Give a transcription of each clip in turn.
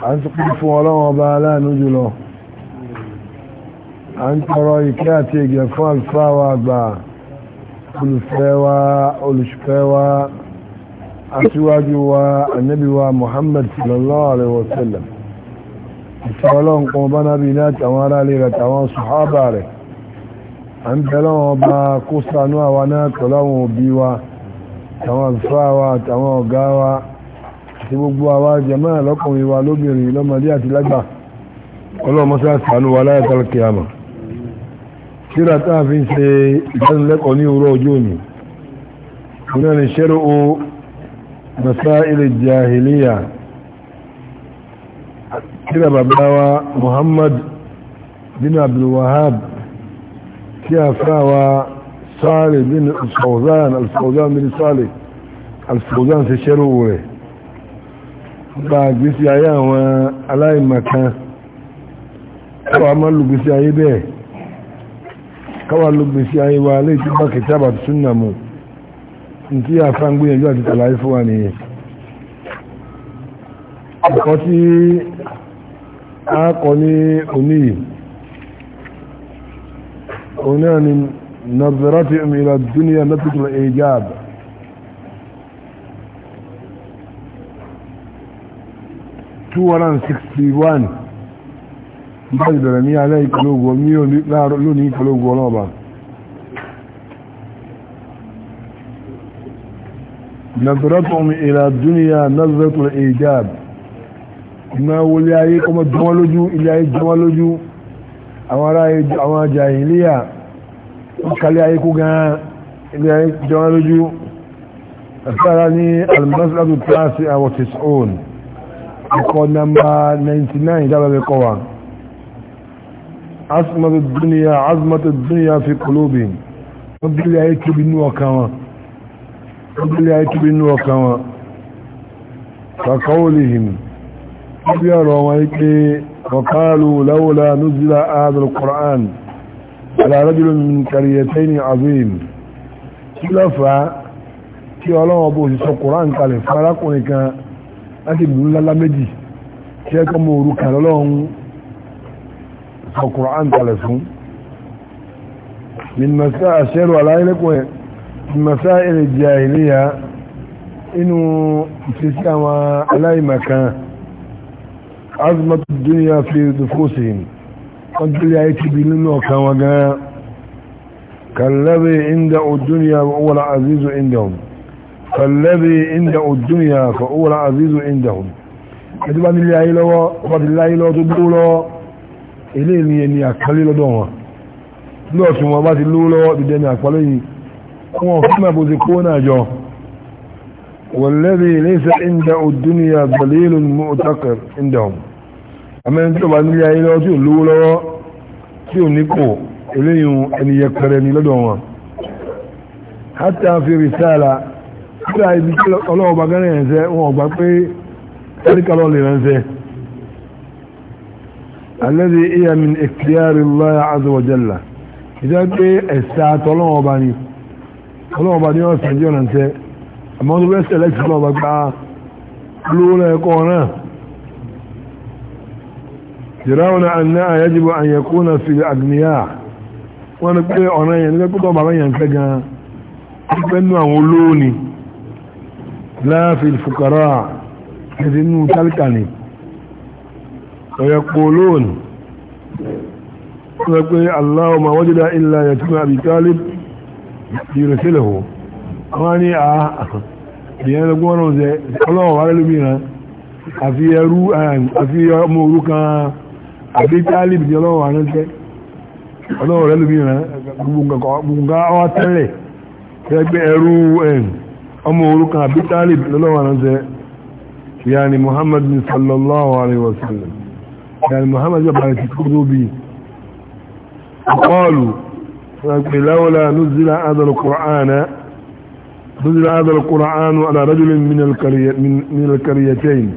a ń tukú fún ọlọ́wọ́n ọba aláàánú jùlọ a ń tọrọ ìkẹ́ àti ìgẹ̀ fún àlùfáà wa àgbà olùfẹ́ wa olùṣùfẹ́ wa aṣíwájú wa ànábì wa Muhammad sallallahu alaihi wa sallam ìfọlọ́n kan bá nábi ní àtàwọn aráàlú rẹ̀ àtàwọn náà tọ́láwọn òbí àtàwọn àlùfáà àtàwọn àti gbogbo àwa jẹ̀mọ́ lọ́kùnrin wa lóbìnrin lọ́mọdé àti lágbà ọlọ́mọsá sànú wa láyàtà kìámà síra táà fi ń ṣe ìdánilẹ́kọ̀ọ́ ní òwúrọ̀ ọjọ́ òní ìrìn ni ṣẹ́rọ o masáìlì jahiliya síra bàbá wa muhammad bin abdulwahab tí a fáwa sáàlì bin al-fawzan al-fawzan bin sáàlì al-fawzan ṣe ṣẹ́rọ rẹ̀ gba ìgbésí ayé àwọn aláìmọ̀kan káwà má lù gbésí ayé bẹ́ẹ̀ káwà lù gbésí ayé wa lè tí bá kẹta bá tún nà mú tí a fà ń gbìyànjú àti tàlàyé fún wa nìyẹn ọ̀kan tí a kọ ní òní òní àni nàzàrátì ìmìlà dúníyà nàtìtìlẹ̀ ìjáàbà 261 báyìí bẹ̀rẹ̀ ní alẹ́ ìpolówó ní lónìí ìpolówó ọlọ́ọ̀bá nàzọ̀rọ̀tún ìlà dúníyà nàzọ̀rọ̀tún ìjáàb iná wọlé ayé kọmọ jọmọ lójú ilé ayé jọmọ lójú àwọn ará àwọn jàhílíyà ó kalé ayé kó gan ilé ayé jọmọ lójú ẹ̀sára ní alìmọ́sílẹ̀ tó tààsí àwọn ẹ̀kọ́ nọmba 99 dábàbẹ̀ kọ́ wa azmatu duniya azmatu duniya fi kulubi wọ́n bí ilé ayé tóbi ní ọkàn wọn wọ́n bí ilé ayé bí ọ̀rọ̀ wọn ike وقالوا لولا نزل هذا القرآن على رجل من قريتين عظيم kí ló fà á kí ọlọ́wọ́ bó ṣe sọ kùrán kalẹ̀ fún kan láti ìlú ńláńlá méjì tí ẹ kọ́ mọ orúkà lọ́lọ́run ọkùnrin àǹtàlẹ̀ fún min masá àṣẹ́rù aláìlẹ́kùn ẹ̀ min masá èrè jẹ́ àìníyà inú ìfẹ́sí àwọn aláìmọ̀kan azmatu duniya fi dufosin wọ́n tó lè ayé ti bí nínú ọ̀kan wọn gan kallabi inda o duniya wọ́n azizu inda wọn فالذي عنده الدنيا فهو العزيز عندهم ẹjọ́bá nílé ayé lọ́wọ́ ọba ti láyé lọ́wọ́ tó dúró lọ́wọ́ ilé ìní ẹni àkálé lọ́dọ̀ wọn lọ́ọ̀tí wọn bá ti lówó lọ́wọ́ ti dẹni àpálẹ́ yìí kún wọn fún àbòsí kó náà jọ wọ̀lẹ́bí iléeṣẹ́ ìndà òdúnìyà gbẹ̀lẹ́lù mú ọ̀tàkà ìndà ọ̀hún amẹ́rin tí ọba nílé ayé lọ́wọ́ tí ò lówó lọ́wọ́ tí ò nípò eléyìn ẹni yẹpẹrẹ ni lọ́dọ̀ wọn hátà fi rìsáàlà kódà ibi tí ọlọ́wọ́ bá gánà yẹn ṣe wọn ọgbà pé ẹnìkanlọ́ lè ránṣẹ́ alẹ́dẹ̀ iya min ikhtiyari Allah azza pé ẹ̀sẹ̀ àtọ́ àmọ́ tó bẹ́ẹ̀ bá ẹ̀kọ́ náà wọ́n ni pé ọ̀rọ̀ yẹn ní pẹ́pẹ́ tó bàbá yẹn fẹ́ gan-an àwọn لا في الفقراء إذنه تلقني ويقولون ويقول الله ما وجد إلا يتمع بطالب يرسله wọ́n ah, ìyẹn lọ́gbọ́n náà jẹ́ ọlọ́wọ́ wà lẹ́lúmìíràn àfi ẹrú àfi ọmọ orú kan àbí tálìbì ní ọlọ́wọ́ wà náà ọlọ́wọ́ lẹ́lúmìíràn gbogbo ẹrú ẹ̀rùn ọmọ orúkọ àbí tálib lọ́lọ́wọ́ ránṣẹ́ yani muhammad bin sallallahu alaihi wasallam yani muhammad ya bari tukuru bi qalu rabbi laula nuzila hadha alqur'ana nuzila hadha alqur'anu ala rajulin min alqaryat min alqaryatayn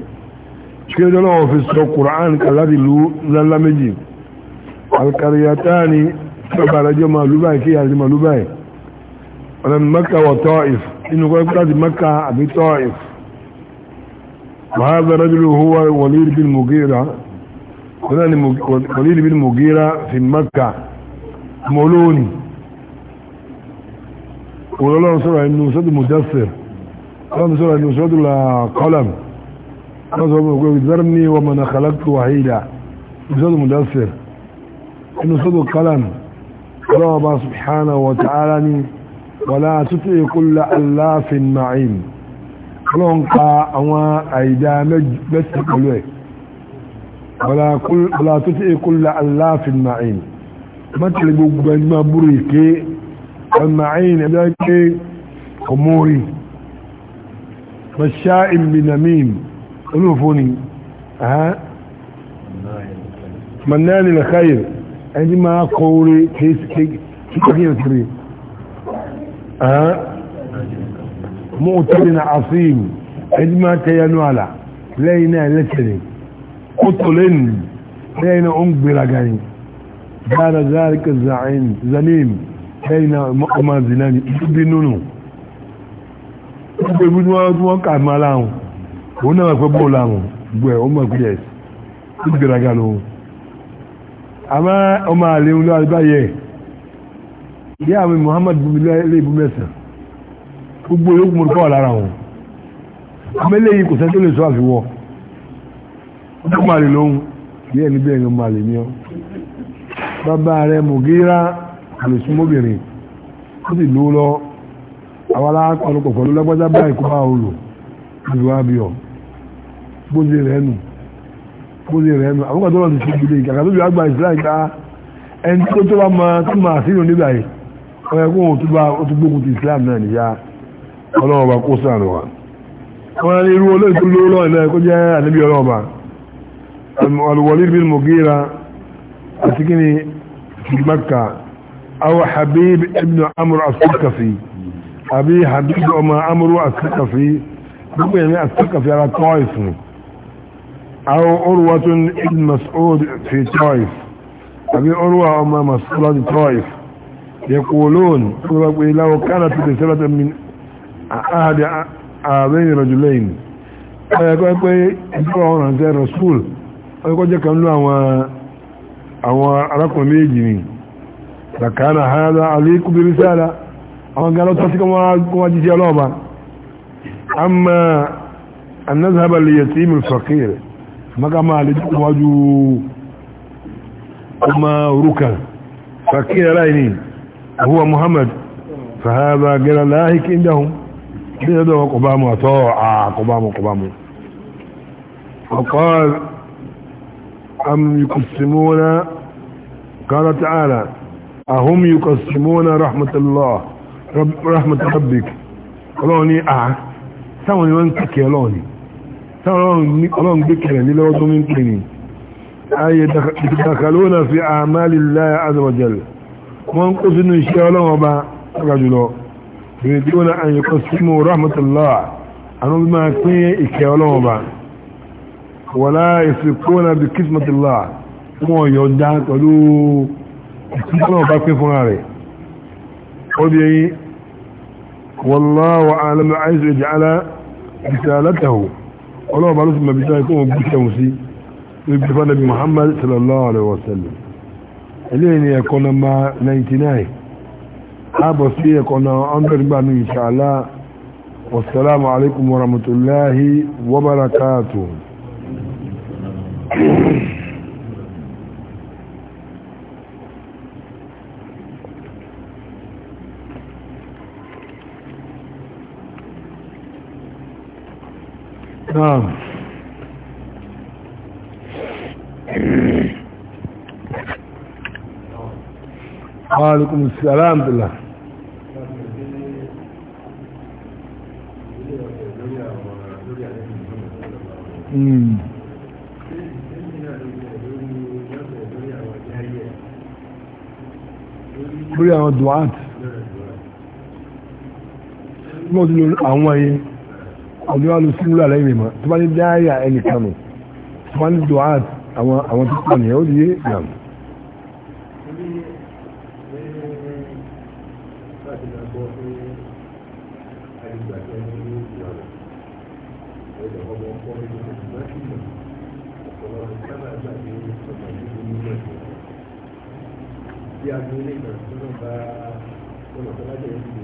shike da lawa fi alqur'an kalladhi lu lalameji alqaryatani sabara jama lubai ki ya jama lubai ولم مكة وطائف إنه بلاد مكة أبي طائف وهذا رجل هو وليد بن مغيرة وليد بن مغيرة في مكة مولوني ولله الله إنه سد مدثر ولله الله إنه سد قلم ذرني ومن خلقت وحيدا سد مدثر إنه سد قلم الله سبحانه وتعالى wala tuti kulla allafin ma'in ọlọ́n ka àwọn àìdá mẹ́sì pẹ̀lú ẹ̀ wala tuti kulla allafin ma'in mọ́tàlẹ̀ gbogbo ẹgbẹ́ búrú ìké al-ma'in ẹgbẹ́ pé ọmọrí mashaa'in binamim olófóni mannani lakayir ẹni máa kọ́ orí kéèkéèkéèkéèkéèkéè mọ́tẹ́lì na àfihàn ẹni máa tẹ́yẹnú àlà lẹ́yìn náà lẹ́tẹ̀lẹ̀ ó tó lẹ́nu lẹ́yìn náà ó ń gbéraga ni dára záríkà zanim lẹ́yìn náà ọmọ zina ni ìdí nínú gbogbo ibi tí wọ́n kà máa láhùn òun náà pẹ́ bọ́ọ̀lù àwọn gbẹ̀ ọmọ ìpínlẹ̀ ìdí àmì Muhammad bumilé bumẹsẹ gbogbo yóò gbọmọ kọ́ lára wọn amẹ́lẹ́ yìí kò sẹ́ni lè sọ àfiwọ́ ó máa lóhun díẹ̀ níbẹ̀ ni ó máa lè ní ọ bàbá rẹ Mugira àlùsùmọ́bìnrin ó sì lówó lọ àwọn alákọ̀ọ́lùpọ̀ pẹ̀lú lágbájá báyìí kó bá o lò àlùwà bí ọ gbóze rẹ nù gbóze rẹ nù àwọn kan tó lọ sí ibi ilé ìkàkà tó ju àgbà ìsìláì ká ẹni tó tó bá máa tó máa sínú nígbà yìí ẹgbẹ́ wọn tó gbógun ti islam náà nìyá ọlọ́wọ́ bá kó sáà lọ́wọ́ wọ́n ní irú olóyìn tó lówó lọ́wọ́ ilẹ̀ kó jẹ́ ànábì ọlọ́wọ́ bá alwalid bin mugira àti kí ni makka awa habib ibn amr asakafi àbí habib ọmọ amr asakafi gbogbo ẹ̀mí asakafi ara tọ́ìf awa urwatun ibn mas'ud fi tọ́ìf àbí يقولون لو كانت رسالة من أحد هذين الرجلين ẹgbẹ́ pé ìjọba ọ̀rọ̀ àti rasul ọjọ́ jẹ́ kan ló àwọn arákùnrin méjì ni ṣàkánà hádá alékúbí rísáàlá àwọn gan lọ́tọ́ sí kọwàá jíjẹ́ ọlọ́ọ̀bá amma annazhaba li yatim al-faqir maka ma le waju kuma ruka fakir raini هو محمد فهذا قال لاهك عندهم بيدوا قبام وطوع قبام قبام وقال أم يقسمون قال تعالى أهم يقسمون رحمة الله رب رحمة ربك قالوني أه سوى نوان كيلوني قالوني قالون بكرة للوضو من كيني أي دخلون في أعمال الله عز وجل wọ́n ń kó sínú iṣẹ́ ọlọ́wọ́ bá ọgá jùlọ ìrètí wọn àyè kọ símú rahmatullah àwọn bí máa pín ìkẹ́ ọlọ́wọ́ bá wọlá ìsìnkú náà bí kismatullah wọn yọ̀ǹda pẹ̀lú ìtúkọ́lọ́wọ́ bá pín fúnra rẹ̀ ó di ẹyin wọláwọ̀ alamu àìsù ìjà alá bisalatahu ọlọ́wọ́ bá ló sì mọ̀ bisalatahu kó wọn gbúṣẹ̀ wọn muhammad sallallahu alaihi wasallam eléyìí ni ẹ̀kọ́ nọmba 99 ààbọ̀ sí ẹ̀kọ́ na 100 gbà ní ìṣàlá wassalamu alaikum warahmatullahi wabarakatuh Naam. Um. وعليكم السلام بالله امم lórí àwọn duwat mọ́ sí lórí àwọn ayé ọdún alùsílù aláìrìn mọ́ tó bá ní dáyà ẹnìkanu tó bá ní duwat àwọn tó pọ̀ nìyà ó di yé ìyàmù láti máa gbọ́ pé àdìgbà ní ìwà ẹ̀dọ̀ ọmọ ọkọ nínú ìgbà tí ìgbà ọ̀pọ̀lọpọ̀ sábà gbà pé ọ̀pọ̀ ìlú ní ìgbà tí wọ́n. bí ìgbà tí wọ́n bá ọ̀nà tó lájẹ̀ ń lò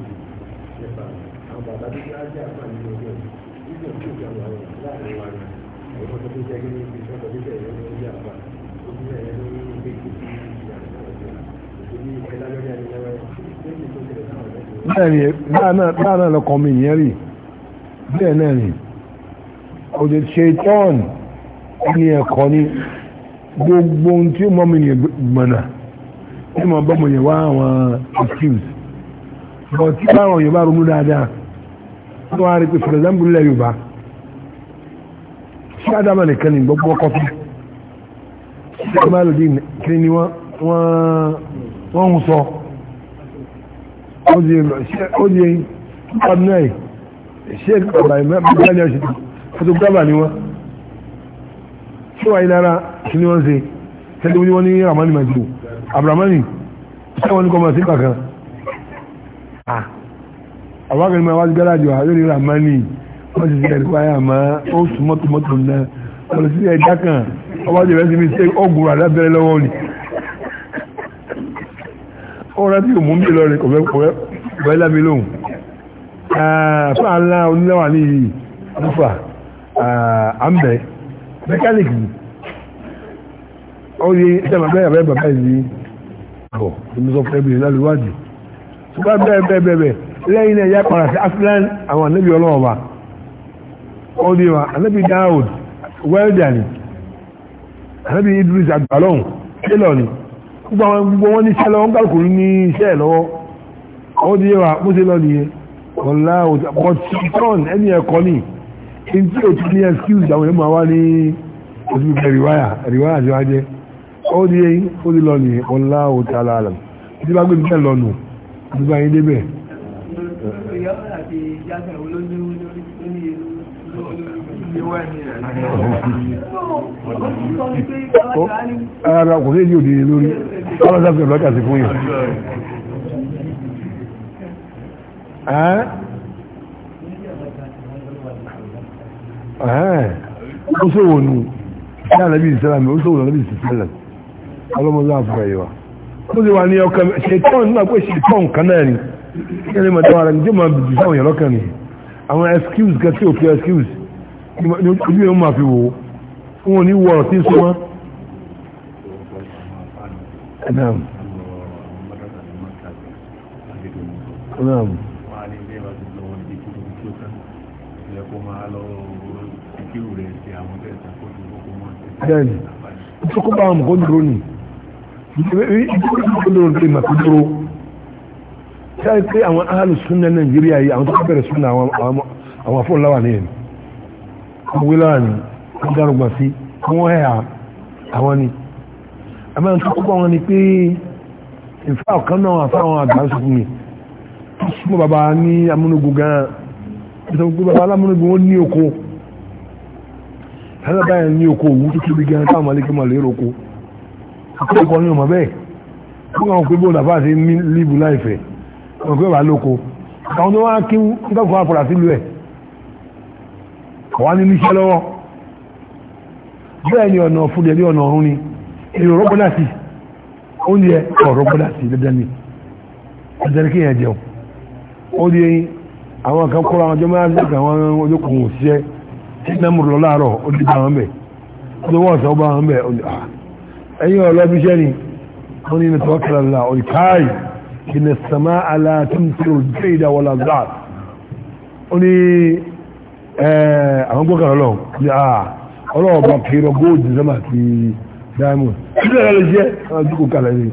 nípa àwọn bàbá tó já àpá nínú ọjọ́ yìí nígbà tí òkè àwọn àwọn láàrin wa ni àwọn ọmọ tó jẹ́ kí ní ibi ìṣọ́kọ̀ tó bẹ̀rẹ̀ ní ọjọ́ àpá ó ti bẹ̀rẹ̀ ní ilé ìgbésí bẹ́ẹ̀ náà lọ́kọ̀ mi yẹn rí bẹ́ẹ̀ náà rí òjò ṣe tọ́ọ̀n ní ẹ̀kọ́ ní gbogbo ohun tí ó mọ́ mi yẹn gbọ̀nà tí mo bọ́ mo yẹn wá àwọn excuse but tí báwọn Yorùbá ronú dáadáa tí wọ́n á rí pé for example ilẹ̀ Yorùbá ṣé ádámà nìkan ní gbogbo ọkọ̀ fún ṣé ádámà lòdì kí ni wọ́n ń sọ ó di ọdún sheik abdulmani ọ̀ṣẹ́ photographer ni wọ́n tí wà ìlara kí ni wọ́n ṣe tẹ́lẹ̀ wọ́n ní ramani majibu abramani ṣe wọ́n ní kọmọ̀ sí kankan àwọn akẹ́lẹ̀ máa wá sí gáràjò àwọn ní ramani wọ́n ti ṣe ẹ̀rí wáyà máa ó sùn mọ́tò mọ́tò náà wọ́n lọ sí ẹ̀dá kan ọwọ́ jẹ̀rẹ̀ sí mi ṣe ọgùn ọ̀rẹ́ tí òmú ń bí lọ́rin kò fẹ́ lábí lóhùn fún àlá onílẹ̀wà ní ìlúfà àmbẹ̀ mẹkáníkì ó yẹ iṣẹ́ bàbá ìyàbẹ́ bàbá ìlú ọ̀ omi sọ fún ẹbìnrin lálùwádìí ṣùgbọ́n bẹ́ẹ̀ bẹ́ẹ̀ bẹ́ẹ̀ bẹ́ẹ̀ lẹ́yìn náà yá padà sí afghan àwọn ànábì ọlọ́wọ́ wa ó di wa ànábì Dáúd wẹ́ẹ̀dà ni ànábì Idris àgbàlọ́hùn kílọ̀ ni gbogbo wọn ní iṣẹ́ lọ́wọ́ ń kálukú ní iṣẹ́ lọ́wọ́ ó di yẹwà bó ṣe lọ nìyẹn ọ̀la ọ̀tún ẹni ẹ̀kọ́ ni in tí o ti ní excuse àwọn èèyàn máa wá ní oṣù fífẹ́ rìwáyà rìwáyà tí wá jẹ́ ó di yẹn ó ara kò sí èyí òdì lórí ọlọ́dá fi ọ̀lọ́kà sí fún yìí ó sòwò nù ní àlẹ́bí ìsẹ́lámi ó sòwò lọ́lẹ́bí ìsẹ́lámi ọlọ́mọdé àfúrà ìwà ó sì wà ní ọkà ṣètọ́n nígbà pé ṣètọ́n kan náà ni kí ẹni mọ̀tọ́ ara ní jẹ́ mọ̀ bìbì sáwọn ìyọ̀lọ́kà ni àwọn excuse gẹ́tí òkè excuse ojú yẹn máa fi wò ó wọn ò ní wọ ọ̀rọ̀ tí ń súnmọ́. Naam. Naam. Bẹ́ẹ̀ni, ìtọ́kọ́ bá àwọn kan dúró ni, ìtọ́kọ́ kan dúró ni màkà dúró. Ṣáà pé àwọn ahlùsúnnà Nàìjíríà yìí, àwọn tó kọ́ bẹ̀rẹ̀ súnnà àwọn afọ́nláwà nìyẹn wíláàní wọ́n sí wọ́n hẹ́ àwọn ni àmẹ́rin tó kọ́kọ́ wọn ni pé ìfẹ́ ọ̀kan náà àfáwọn àgbàṣù fún mi tó súnmọ́ bàbá ní amúnugun gan ìtàn pé bàbá alámúnugun ó ní oko ẹ̀rọ báyìí ní oko òwú tó tóbi gan táwọn alẹ́kẹ́ máa lérò oko àkókò kan ní ọmọ bẹ́ẹ̀ fún àwọn pé bóòlù àfáà sí líbù láìfẹ́ kọ̀wá ní níṣẹ́ lọ́wọ́ bẹ́ẹ̀ ni ọ̀nà fún ẹ̀rí ọ̀nà ọ̀run ni èrò rọ́gbọ́dá sí oúnjẹ ọ̀rọ̀gbọ́dá sí dandan ni ọ̀dẹ̀rẹ̀ kí yẹn jẹun ó di àwọn kan kọ́ra àwọn ọjọ́ máa ń dẹ́gbẹ̀ àwọn olókùn òṣìṣẹ́ tí náà mú lọ láàárọ̀ ó di bá wọn bẹ̀ ó di wọ́n Eh, àwọn gbọ́kànlá lọ bí a ọlọ́wọ́ bá kéré góòdì sọ́mà àti diamond kí lọ́la lè jẹ́ àdúgbò kalẹ̀ ní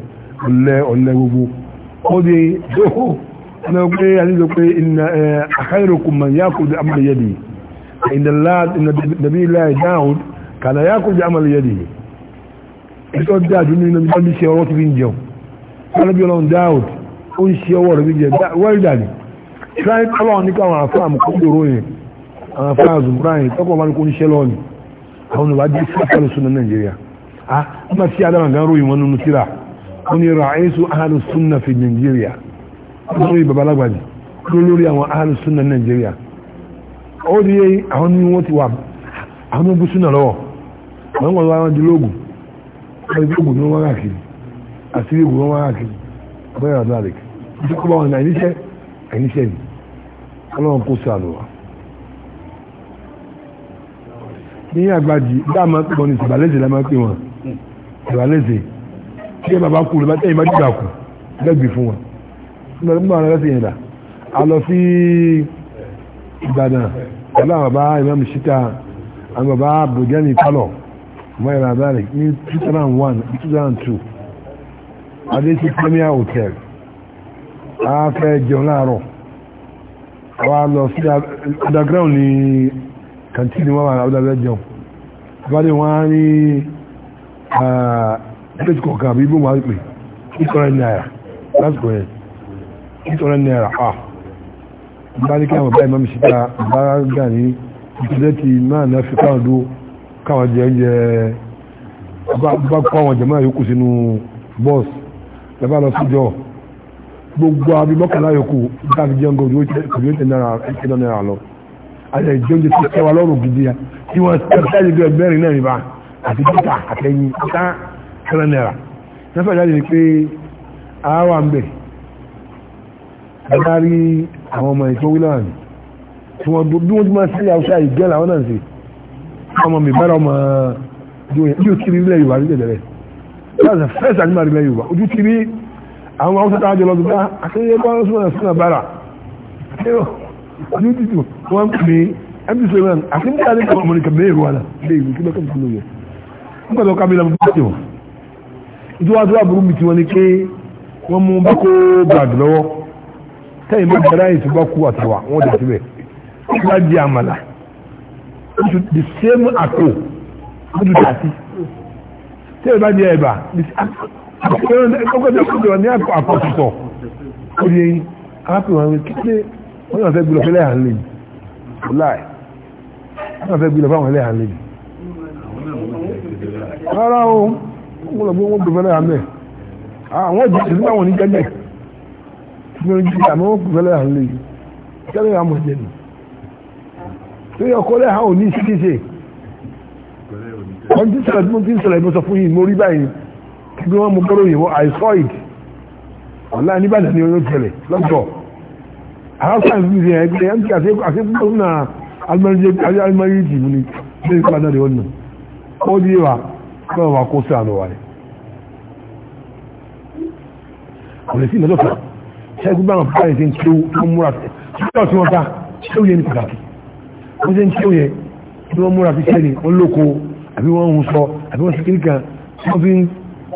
ọ̀lẹ́ ọ̀lẹ́ gbogbo ó di dóhó ọ̀nà pé àdúgbò pé ìnà àkáyèrèkùn mà yá kò di amàlẹ́yẹdì ìnà nàbí láì dáhùn kàdà yá kò di amàlẹ́yẹdì ìtọ́ dáàdù nínú ibi bí ṣe ọwọ́ tó fi ń jẹun alábí ọlọ́run àwọn afáàzù brian tọ́kọ̀ wọn kò ní ṣẹlẹ̀ ọ̀nì àwọn ọ̀nà wájú sí àpẹẹrẹ sunna nàìjíríà a nígbà tí adama gan ròyìn wọn nínú síra wọn ni ràáyésù ahàlù sunna fi nàìjíríà lórí babalágbàjì lórí àwọn ahàlù sunna nàìjíríà ó di yé àwọn ní wọn ti wà àwọn ọmọ sunna lọ́wọ́ àwọn ọmọ wọn di lóògùn wọn di lóògùn ní wọn káàkiri àti lóògùn ní wọn káàkiri bẹ́ẹ̀ àdáàlẹ̀ kí wọ́n bá wọn ní àìníṣẹ́ àìníṣẹ́ ni ọlọ́run kó sí àlùwà ní àgbàjì dáàmà pọ̀ ní ìbàlẹ́sẹ̀ lámà pé wọn ìbàlẹ́sẹ̀ tí ẹ bàbá kú lọ́bàtẹ́ ìbá dìgbà kù lẹ́gbì fún wọn nígbà wọn lọ́sẹ̀ yẹn dà a lọ sí Ìbàdàn pẹ̀lú àwọn bàbá Imam Shita àwọn bàbá bòjẹ́ni pálọ̀ wọ́n yẹra abẹ́rẹ́ ní 2001 2002 adéṣe Premier Hotel a fẹ́ jẹun láàárọ̀ wa lọ sí underground ní kàntí ni wọ́n wà láwùdá bẹ́ẹ̀ jẹun àbádé wọ́n á ní ẹ̀ẹ́dẹ́jì kọ̀ọ̀kan àbí ibùn wọ́n á pè ìtọ́rẹ́ náírà lásìkò yẹn ìtọ́rẹ́ náírà à bá ní káwọn báyìí mọ́mí síta bá gà ní ìtọ́jẹ́ ti máa náà fi káwọn dúró káwọn jẹ oúnjẹ bá kó àwọn jẹ̀mọ́ yòókù sínú bọ́ọ̀sì àti ìjọ́jọ́ tó tẹ́wà lọ́rùn gidi ya tí wọ́n tẹ́lẹ̀ bí ẹgbẹ́rin náà níbà àti títà àtẹ́yìn ká tẹ́lẹ̀ náírà nífẹ̀ẹ́ jáde ni pé àwa ń bẹ̀ adarí àwọn ọmọ ìtọ́ wíláwà ní tí wọ́n bí wọ́n ti máa sílẹ̀ àwùjọ ìgẹ́ làwọn náà sí ọmọ mi bára ọmọ ojú kiri ilẹ̀ Yorùbá ní tẹ̀lẹ̀ láti fẹ́ẹ̀sì àti màrí ilẹ̀ Yorùbá ojú kiri àwọn Haúsá táwọn jọ lọ́dún bá akéyẹ́ bá wọn sún ọ̀nà sún ọ̀nà bára ojú títù wọ́n pè é md suleiman akíndíyà ní kàmá mọ̀nìkà mẹ́rin wà náà léèrè kí lọ́kàn tó lóye nígbà tó kábílà mú bá tiwọn ìtura tó àbúrú mi tiwọn ni pé wọ́n mú bákó brad lọ́wọ́ tẹ́yìn bá bẹ̀rẹ̀ àyè tó bá kú àtàwà wọ́n dẹ̀ síbẹ̀ wọ́n bá di àmàlà the same àpò wọ́n ti tààtì tẹ́yìn bá di ẹ̀bà ọgbẹ́dẹ̀ kúndùrọ̀ ní àpò àpò tuntun ó di arákùnrin wọn kí ló dé wọ́n yàn fẹ́ gbọ́dọ̀ fẹ́lẹ́ à ń lè yìí láì wọ́n fẹ́ gbilẹ̀ fáwọn ẹlẹ́yà lẹ́yìn rárá o wọ́n lọ bí wọ́n gbẹ̀fẹ́ lẹ́yà mẹ́ àwọn ìjì ìsìn náà wọ́n ní jẹ́jẹ́ tí wọ́n jí àmọ́ wọ́n gbẹ̀fẹ́ lẹ́yà lẹ́yìn jẹ́lẹ̀ yà mọ̀ jẹ́nu tó yẹ ọkọ lẹ́yà ò ní ṣíṣe wọ́n ti sọ̀rọ̀ tí mo ti ń sọ̀rọ̀ ìmọ̀sọ̀ fún yìí mo rí báyìí kí wọ́n mú gbọ́dọ̀ yìí wọ́n àìsọ́ ìdì ọ̀la níbàdàn ni ó tẹ̀lẹ̀ lọ́gbọ̀ọ́ hausa su ne ya gida yanzu a sai kuma suna almariji ne zai kwana da wannan ko jewa kawai ko sanowa ne wani sí lọ́dọ̀fà ṣẹ́gbẹ́ àwọn pàtàkì ṣe ń kí wọ́n múra sí ṣíkọ́ tí wọ́n bá ṣéwòye ní pàtàkì wọ́n ṣe ń ṣéwòye tí wọ́n múra sí ṣẹ́ni wọ́n lóko àbí wọ́n ń sọ àbí wọ́n ṣe kiri kan wọ́n fi ń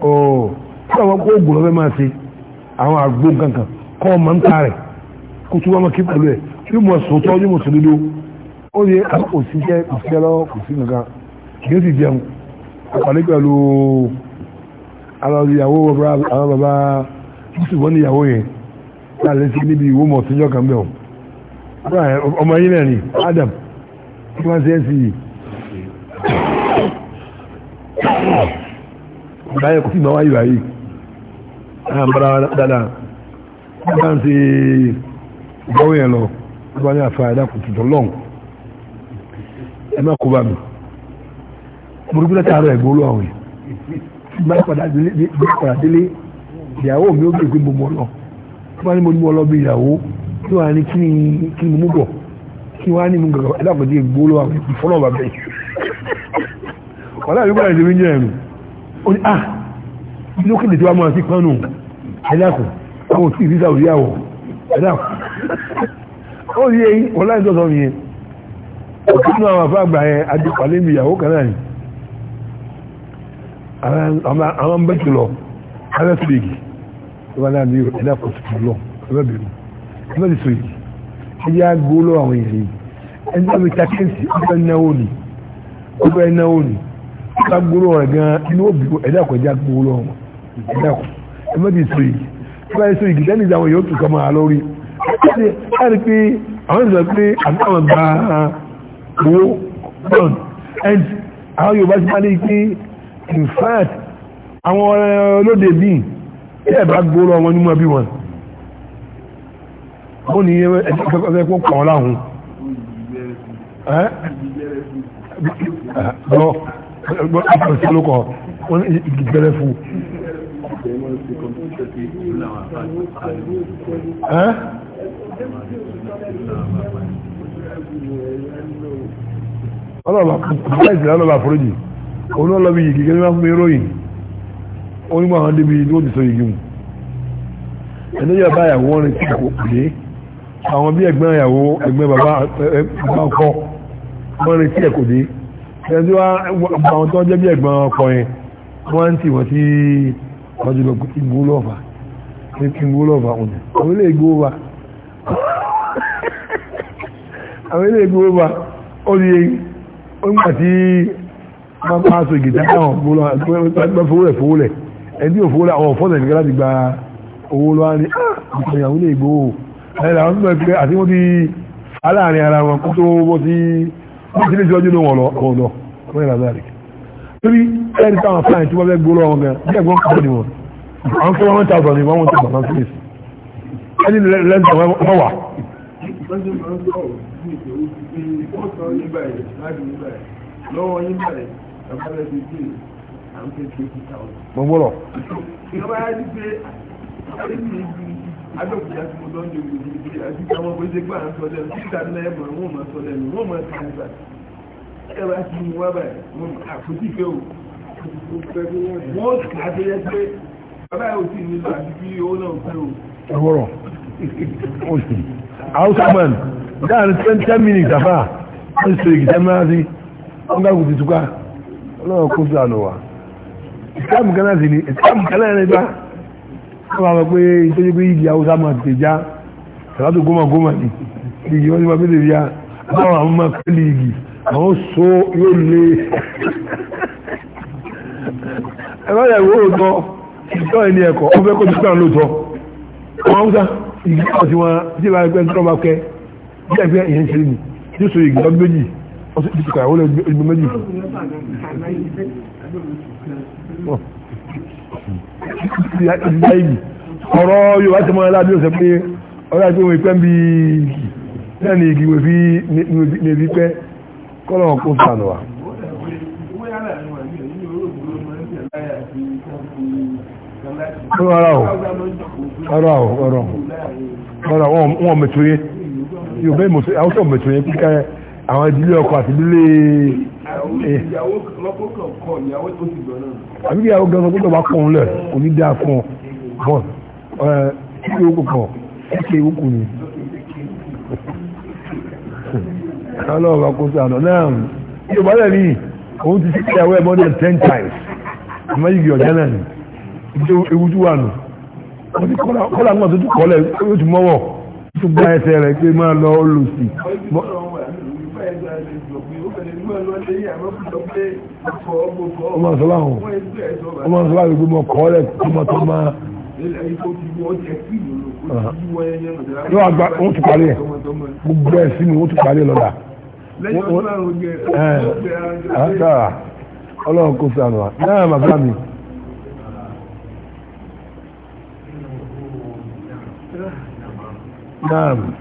ọ̀ọ́ tí àwọn oògùn lọ́fẹ́ máa ṣe àwọn àgbo kankan kọ́ ọmọ ń ta rẹ̀ kó tún wá máa kí pẹ̀lú ẹ̀ yóò mọ̀ sòótọ́ yóò mọ̀ sòdodo ó yẹ kò sí jẹ́ kò sí ẹlọ́ kò sí nǹkan kì í sì jẹun àpàdé pẹ̀lú alọ́dìyàwó àwọn bàbá ṣùgbọ́n níyàwó yẹn láàrin sí níbi ìwó mọ̀ síjọ́ kan bẹ̀rù ọmọ yìí náà ni Adam tí wọ́n ṣe ń sì yìí báyẹ̀ kò sí ìgbà wáyé wáyé àwọn bàbá dáadáa wọ́n bá ń ṣe ìgbọ́wọ́ yẹn lọ wọ́n bá ní àfáà ẹ̀dá kò tuntun lọ́n ẹ má kó bá mi mo rí gbọ́dọ̀ tààrọ̀ ẹ̀gbọ́n olú àwọn yìí má padà délé ìyàwó mi ó bèèrè pé mo mọ lọ wọ́n bá ní mo ní mo lọ bí ìyàwó tí wọ́n á ní kí ni mo mú bọ̀ kí wọ́n á ní mo gàgà ẹ̀dá kò dé ẹ̀gbọ́n olú àwọn yìí fọ́nà bàbá yìí wọ́n láì gbọ́dọ̀ ìdíwé jẹ́ ẹ̀rù ó ní ah ilé kéde tí wọ́n á máa pánù ẹ̀dá kò àwọn òsì ìdí ó rí eyín wọ́n láì tọ́sọ yẹn òkú nínú àwọn àfá àgbà yẹn adìpàlẹ́ mi ìyàwó kan náà ni àwọn bẹ́ẹ̀kì lọ alẹ́sìlẹ̀gì tó bá náà ní ẹ̀dá pọ̀sìtì lọ ẹgbẹ́ bẹ̀rù ẹgbẹ́ ti sọ yìí ẹjẹ́ àgbo lọ àwọn èèyàn yìí ẹjẹ́ àmì kàkẹ́ǹsì ọgbẹ́ náwó ni ọgbẹ́ náwó ni ọgbà gbóló rẹ̀ gan inú òbí ẹ̀dá kọ̀ ẹni pé àwọn ìjọ pé àtàwọn gba ah, owó bọ́n and àwọn Yorùbá ti máa ní pé in fact àwọn eh, olóde bíi ẹ bá gbóòrò wọn ní mọ́ bí wọn ó ní ẹgbẹ́ kó pọ̀ láhùn lọ́pọ̀lọpọ̀ wọ́n ní ìgbẹ̀rẹ̀ eh, fún ẹ́ ọlọ́ba aláìsí ọlọ́ba àforíjì òun náà lọ́bi yìí kí wọ́n fún mi ròyìn onímọ̀ àwọn débi ni ó ti sọ yìí mu ẹni yóò bá ìyàwó wọn ti kò pé àwọn bí ẹgbẹ́ ìyàwó ẹgbẹ́ bàbá ọkọ wọn rìn tí ẹ kò dé ẹni tí wọ́n àwọn tó jẹ́ bí ẹgbẹ́ ọkọ yẹn wọ́n ń tì wọ́n tí wọ́n ti lọ ìgbó lọ́ọ̀fà ìgbó lọ́ọ̀fà òun ní àwọn ilé ìgbó wa àwọn ilé ìgbówó bá ó ní ọgbà tí wọ́n máa so ìgìtà àwọn gbólọ́ àgbà fowólẹ̀ fowólẹ̀ ẹni tí ò fowólẹ̀ àwọn ọ̀fọ́nà ìgbà láti gba owó lọ́wọ́ ní àwọn ah, ìyàwó ilé ìgbówó ẹ̀rọ àwọn tó pẹ́ àti wọ́n ti aláàrin ara wọn kó tó bọ́ sí wọ́n ti ní ìjọ́jú ló wọ̀ ọ̀dọ̀ wọ́n yẹra báyìí torí ẹni táwọn fáìn tí wọ́n fẹ́ gbólọ́ wọn gan bí ẹ̀gbọ́n kọ́ ẹni lẹ́sẹ̀ wọ́n wà. mo gbọ́dọ̀. àti mo ń sọ lẹ́nu. Títà náà ẹ̀mọ̀ wọn máa sọ lẹ́nu, wọ́n máa kàn nígbà. Ẹ bá ti mú wá báyìí, wọ́n máa kò sí ìfẹ́ o. Wọ́n kà á tó yẹ pé bàbá yóò sì nílò àti bí owó náà fẹ́ o ẹwọ́rọ̀ òsì hausaman dáàrin ten ten minutes àfà wọ́n sì sèrèkì tẹ́ máa sí wọ́n gbàgbù ti túká ọlọ́run kó sànù wà ìsìlámù kan náà sì ni ìsìlámù kan náà nípa wọ́n máa mọ̀ pé ìtọ́jú pé ìdí hausaman ti já sàlátù gómà gómà ni ìdí wọ́n ti máa bẹ́ẹ̀ ya àwọn àwọn máa ẹ̀rọ ìyàwó òótọ́ ìtọ́ ẹni ẹ̀kọ́ ó fẹ́ kó ti àwọn haúsá ìgbà ọ̀tí wọn tí ìbá ẹgbẹ́ tó bá kẹ́ bí ẹgbẹ́ ìyẹn ṣe ní tí ó so ìgbà ọdún méjì ó sì kàrà wọlé ìgbà méjì ọ̀rọ̀ yorùbá ti mọ́ ẹ láti ọ̀sẹ̀ pé ọ̀rọ̀ àti ohun ìpẹ́ bí náà ní igi wèé fi pẹ́ kọ́lọ̀ kó sànù wa. ọ̀rọ̀ ọ̀rọ̀ ọ̀rọ̀ ọ̀rọ̀ wọn mẹ̀tòyé yóò bẹ́ẹ̀ mọ̀tò àwùjọ mẹ̀tòyé kíkà àwọn ìdílé ọkọ àti ìdílé eh. àbí ìyàwó gan ọkọ tó bá kọ̀ ọ́n lẹ̀ kò ní dáa fún ọ bọ́n kíkẹ́ owó kọ̀ kíkẹ́ owó kù ni. ọlọ́run bá kó sànù náà yóò bá lẹ̀ ní òun ti ṣe ìyàwó ẹ̀ mọ́ ní ten times àmọ́ yìí ọ̀jẹ́ náà ni ewújú wà nù wọ́n ti kọ́lá ńgbà tó tún kọ́lẹ̀ yóò tún mọ́wọ́ tó gbá ẹsẹ̀ rẹ̀ pé máa lọ olùsì. ọmọ sọlá ọ̀hún ọmọ sọlá ọ̀hún gbogbo kọ́lẹ̀ tọmọ tọmọ. yóò àgbà wọ́n ti parí ẹ̀ gbogbo ẹ̀ sí mi wọ́n ti parí ẹ̀ lọ́dà. ọlọ́run kò sànù wa náà màbá mi. Naam.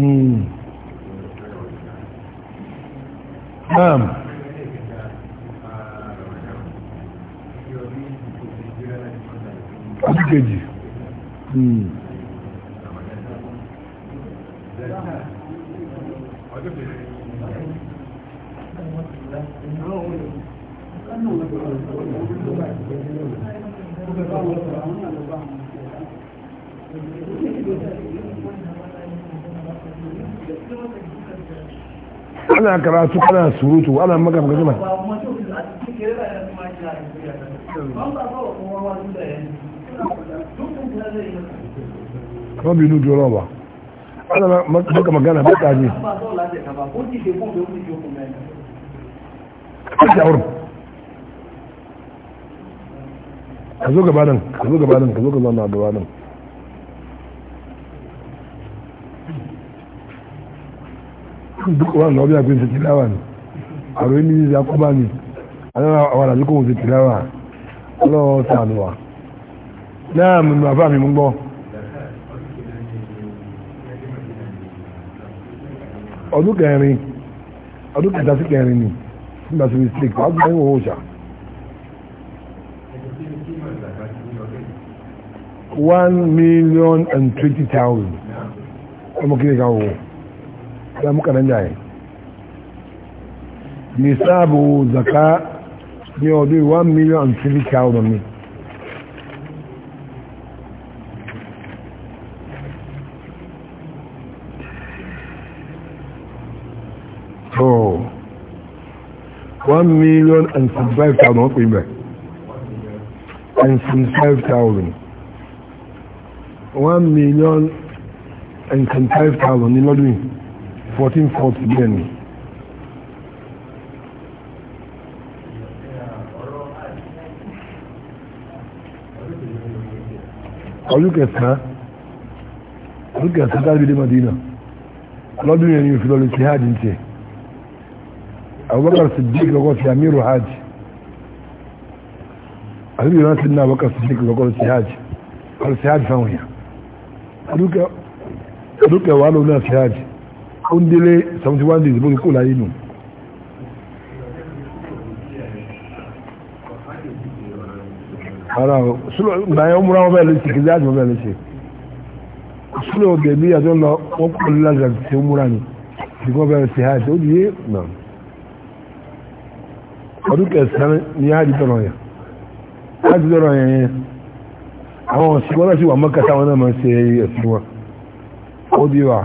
Mm. Naam. Adúgbèjì. Mm. ana karatu ana surutu ana maka maka jima kọ́ bí inú dúró wà ana maka magana bá tàbí kọ́sí àwọ̀rọ̀ ka zo gabanin ka zo gabanin ka zo gabanin a gabanin dukkan lọ bí a gbèsè tìláwà ni àrò ní ìdí akọ́bá ni alára àwọn àdúgbò òsè tìláwà ọlọ́wọ́ sàánúwà náà mú àfá mi mú gbọ́ ọdún kẹrin ọdún kẹta sí kẹrin ni nígbà sí mistake wà gbọ́ ìwọ̀n òòṣà one million and twenty thousand ọmọ kí ni ká wọ̀ da muka nan jaye nisabu zaka ní ọdún 1 million and 3,000 ni so 1 million and 5,000 wọ́n pè bẹ̀ and 5,000 1 million and 5,000 ní lọ́dún yìí fourteen forty bẹ́ẹ̀ ni. ọdún kẹsàn-án ọdún kẹsàn-án dábìí dé Madina lọ́dún yẹn ni òfin lọ́lọ́ ti hajj ń tiẹ̀ Abubakar Siddiq lọ́kọ́ ti amiru hajj àbí ìran ti ní Abubakar Siddiq lọ́kọ́ ti hajj lọ́kọ́ ti hajj fáwọn yẹn ọdún kẹwàá lọ́dún náà ti hajj ó ń délé seventy one days bó ti kó láyé nù. ara o sulu gba yẹn múra wọn bẹ lè ṣe kìlá àjọ bẹ lè ṣe sulu ọbẹ bí àjọ lọ wọn kọ lọ láti ṣe múra ni ṣùgbọ́n bẹ ṣe ha ṣe ó di yé nà ọdún kẹsàn-án ni a di tọrọ yẹn a di tọrọ yẹn yẹn àwọn ọ̀sìn náà ṣe wà mọ́kàtà wọn náà máa ṣe ẹ̀sìn wọn ó di wa.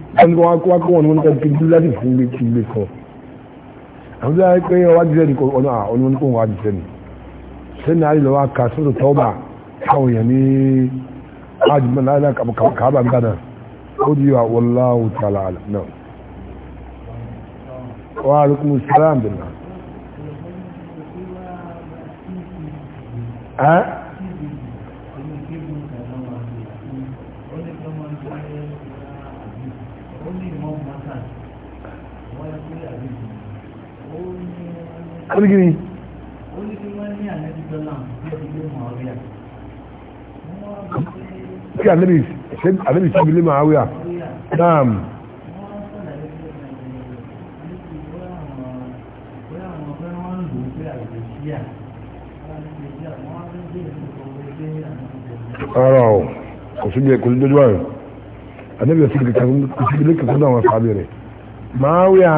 ẹni wọn kó wọn wọn kọ kí láti fún mi kí lè sọ àwọn tó yà pé ọwá jíjẹ ní ọ̀nà ọ̀nà wọn kó wọn wá jíjẹ ní sẹ́ni àyè lọ́wọ́ ká sọ́dọ̀ tọ́ba káwọn èèyàn ní àjùmọ̀ láyé kàbà ń dáná ó di wa wallahu ta'ala alam náà wa alaikum salam billah. onígiri kí àlébì síbi lé máa wíyà náà ara ọ̀ kò sí jẹ́ kòlú dójú ààrùn àlébì síbi lé kankan náà wọ́n sábẹ̀ rẹ̀ máa wíyà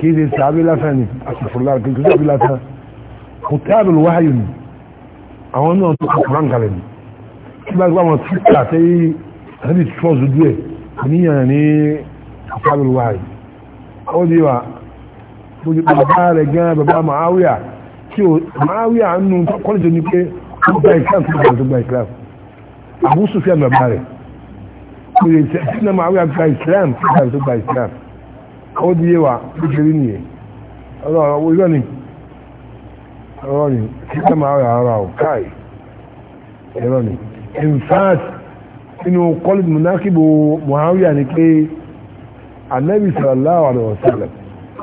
kìí ṣe sàábí lásán ni àṣìfòlá kìí ṣe sàábí lásán kò táàbì wáyé ni àwọn náà tó kọ kùrán kalẹ̀ ni kí bá gbọ́ àwọn títà tẹ́ yí àti trọ́ọ̀sì díẹ̀ níyàn ní táàbì wáyé ó di wa mo ti bàbá rẹ̀ gan bàbá màáwíà tí ó màáwíà nù kọ́lẹ̀ tó ní pé ó gba ìkíláàmù tó gbà tó gba ìkíláàmù àbúsùfíà bàbá rẹ̀ kò yẹ sẹ́yìn náà màáwíà gba ìkíláàmù tó gbà ìkíláàmù ó di yé wa kékeré nìyẹn ọlọ́run ojú ọ̀nì ọ̀rọ̀ ni kí ká máa rà ara ò káì ẹ̀rọ ni in fact inú kọ́lìdì múnákìbò Muawiya ni pé anabi sallallahu alaihi wasallam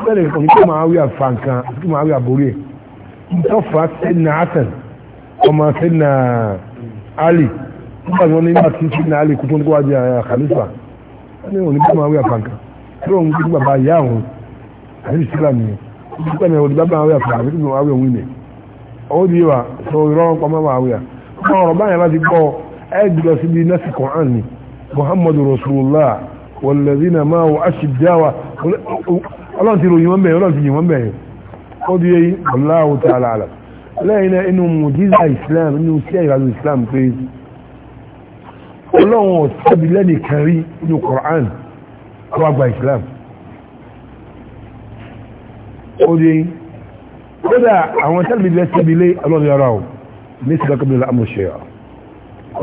bẹ́ẹ̀ ni kí Muawiya fa nǹkan àti kí Muawiya borí ẹ̀ ntọ́fà sẹ́dínà Hasan ọmọ sẹ́dínà Ali nígbà tí wọ́n ní bá ti sẹ́dínà Ali kútó nígbà wájú àyà eh, khalifa wọ́n ní òní kí Muawiya fa nǹkan tí wọ́n ń gbé bàbá ìyá àwọn àyè ìsìlá mi nípa ní ọdún bàbá àwẹ̀ àwẹ̀ òun ilẹ̀ ó di wa sọ ìrọ̀ pamọ́ àwẹ̀ àwọn ọ̀rọ̀ báyìí láti gbọ́ ẹ̀ jùlọ sí nọ́ọ̀sì ni Muhammadu Rasulullah wàlẹ́dínà máa wọ aṣèjáwa ọlọ́run ti ròyìn wọ́n ọlọ́run ti yìn ó di Islam inú sí Islam pé ọlọ́run lẹ́nìkan àwọn àgbà islam ó dé kódà àwọn tẹ́lẹ̀mí bẹ́ẹ̀ síbi ilé ọlọ́run yàrá o ní ìsìnkú kọ́bìnrin amòṣe ọ̀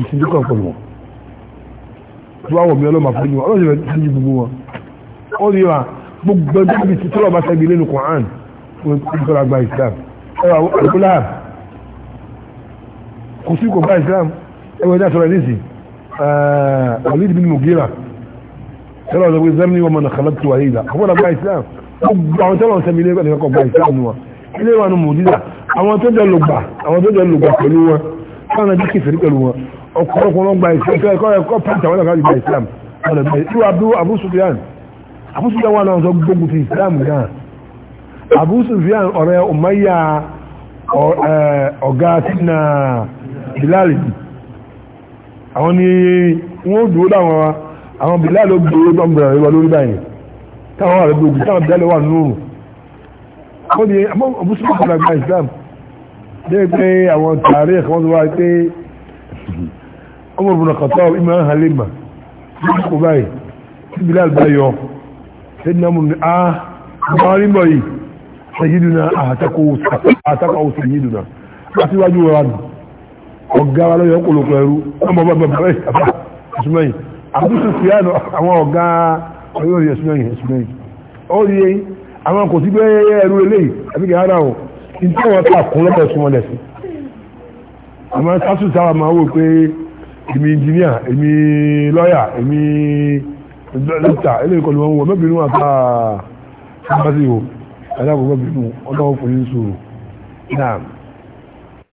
ìsìnkú kan pẹ̀lú wọn tó wà wọ̀ mí ọlọ́run àforíjì wọn ọlọ́run yàrá ti gbogbo wọn ó dé wa gbogbo ẹgbẹ́ bíi títí ọlọ́run bá sẹ́bi ilé nu Quran fún ìkọ́ra àgbà islam ẹwà àgbélá kò sí kò bá islam ẹwà ẹ̀dá sọ̀rọ̀ ẹ̀ tẹ́lọ̀ ọ̀dọ̀ pé zẹ́mìnì wọn mọ̀nà kàlọ́tù wà hídà àwọn ọ̀dọ̀ gba islam àwọn tẹ́lọ̀ ọ̀sẹ̀ mi lẹ́gbẹ̀ẹ́ nìkan gba islam wa ilé wa ni mùdíjà àwọn tó jẹ́ lùgbà àwọn tó jẹ́ lùgbà pẹ̀lú wọn káwọn ẹbí kìfìrí pẹ̀lú wọn ọ̀pọ̀lọpọ̀ wọn gba islam ẹ̀kọ́ ẹ̀kọ́ pàtàkì àwọn ọ̀dọ̀ gba islam Abu Sufyan Abu Sufyan wà náà sọ gbógun ti islam gan Abu Sufyan ọ̀rẹ́ Umayya ọ̀gá sínà Bilal àwọn ni wọ́n dúró láwọn wa àwọn bìlá ló gbé gbọ́ngbọ̀n rẹ̀ wá lórí báyìí táwọn àrẹ gbogbo táwọn bìlá ló wà nínú ó ní ọmọbùsùn kọ̀ọ̀kan àgbà Islam dé pé àwọn tààrí ẹ̀kọ́ tó wá pé ọmọ ìbùnà kọ̀tọ́ ìmọ̀ Halima kò báyìí tí bìlá bá yọ sẹ́dínà ní ah àwọn arímọ̀ yìí sẹ́yìdùnà àtakọ̀ sẹ́yìdùnà láti wájú wa àbúṣe fìyànù àwọn ọ̀gá ọyọ́ rí ẹ̀sùn lẹ́yìn ẹ̀sùn lẹ́yìn ó rí eyín àwọn kò sí pé ẹrú eléyìí àbí kì ara o nítorí wọn kà kún lọ́pọ̀ ẹ̀sùn wọn lẹ̀sìn àmọ́ sásù sáwà máa wò pé èmi ìnjìníà èmi lọ́yà èmi dókítà eléyìí kọlu wọn wọ mẹ́bìnrin wọn àtà fámásì o alákòókò mẹ́bìnrin ọlọ́wọ́ fún yín sòrò náà